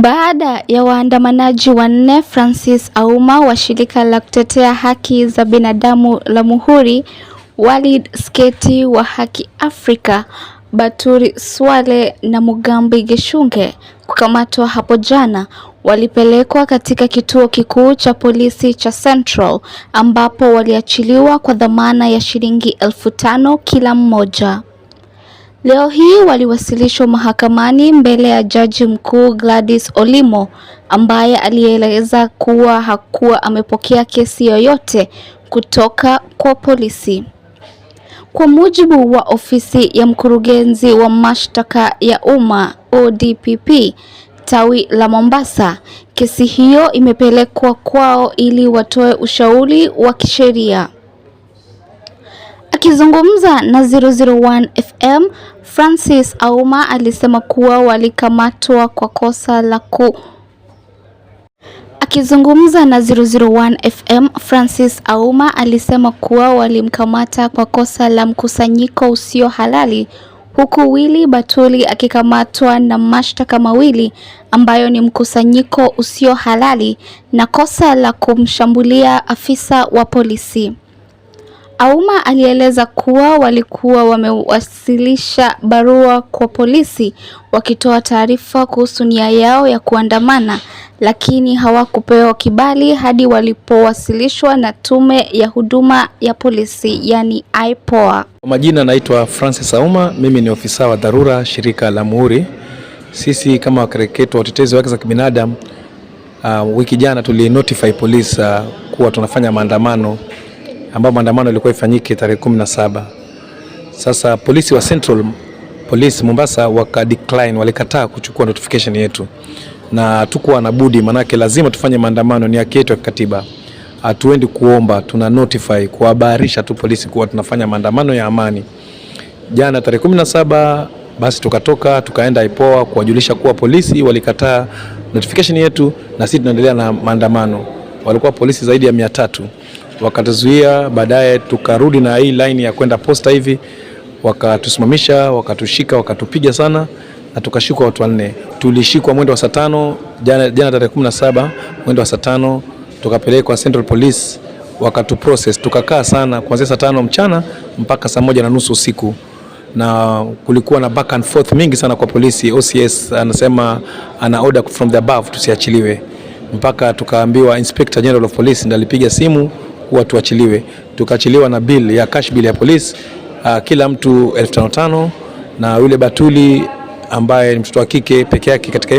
Baada ya waandamanaji wanne Francis Auma wa shirika la kutetea haki za binadamu la Muhuri, Walid Sketi wa Haki Afrika, Baturi Swale na Mugambi Geshunge kukamatwa hapo jana, walipelekwa katika kituo kikuu cha polisi cha Central ambapo waliachiliwa kwa dhamana ya shilingi elfu tano kila mmoja. Leo hii waliwasilishwa mahakamani mbele ya Jaji Mkuu Gladys Olimo ambaye alieleza kuwa hakuwa amepokea kesi yoyote kutoka kwa polisi. Kwa mujibu wa ofisi ya mkurugenzi wa mashtaka ya umma ODPP tawi la Mombasa, kesi hiyo imepelekwa kwao ili watoe ushauri wa kisheria. Akizungumza na 001 FM, Francis Auma alisema kuwa walikamatwa kwa kosa la ku Akizungumza na 001 FM, Francis Auma alisema kuwa walimkamata kwa kosa la mkusanyiko usio halali huku Willy Batuli akikamatwa na mashtaka mawili ambayo ni mkusanyiko usio halali na kosa la kumshambulia afisa wa polisi. Auma alieleza kuwa walikuwa wamewasilisha barua kwa polisi wakitoa taarifa kuhusu nia yao ya kuandamana lakini hawakupewa kibali hadi walipowasilishwa na Tume ya Huduma ya Polisi yani IPOA. Kwa majina naitwa Francis Auma, mimi ni ofisa wa dharura shirika la Muhuri. Sisi kama wakereketo watetezi utetezi wa haki za kibinadamu uh, wiki jana tuli notify polisi uh, kuwa tunafanya maandamano ambapo maandamano yalikuwa ifanyike tarehe kumi na saba. Sasa polisi wa Central Police Mombasa waka decline, walikataa kuchukua notification yetu, na tukuwa na budi, manake lazima tufanye maandamano, ni haki yetu ya kikatiba. Hatuendi kuomba, tuna notify, kuhabarisha tu polisi kuwa tunafanya maandamano ya amani. Jana tarehe kumi na saba, basi tukatoka tukaenda IPOA kuwajulisha kuwa polisi walikataa notification yetu na sisi tunaendelea na maandamano. Walikuwa polisi zaidi ya mia tatu wakatuzuia, baadaye tukarudi na hii line ya kwenda posta hivi, wakatusimamisha, wakatushika, wakatupiga sana na tukashikwa watu wanne. Tulishikwa mwendo wa saa tano jana, jana tarehe saba mwendo wa saa tano tukapelekwa Central Police wakatuprocess, tukakaa sana kuanzia saa tano mchana mpaka saa moja na nusu usiku na kulikuwa na back and forth mingi sana kwa polisi. OCS anasema ana order from the above tusiachiliwe, mpaka tukaambiwa Inspector General of Police ndiye alipiga simu kuwa tuachiliwe, tukaachiliwa na bill ya cash bill ya polisi uh, ah, kila mtu elfu tano tano na yule Batuli ambaye ni mtoto wa kike peke yake katika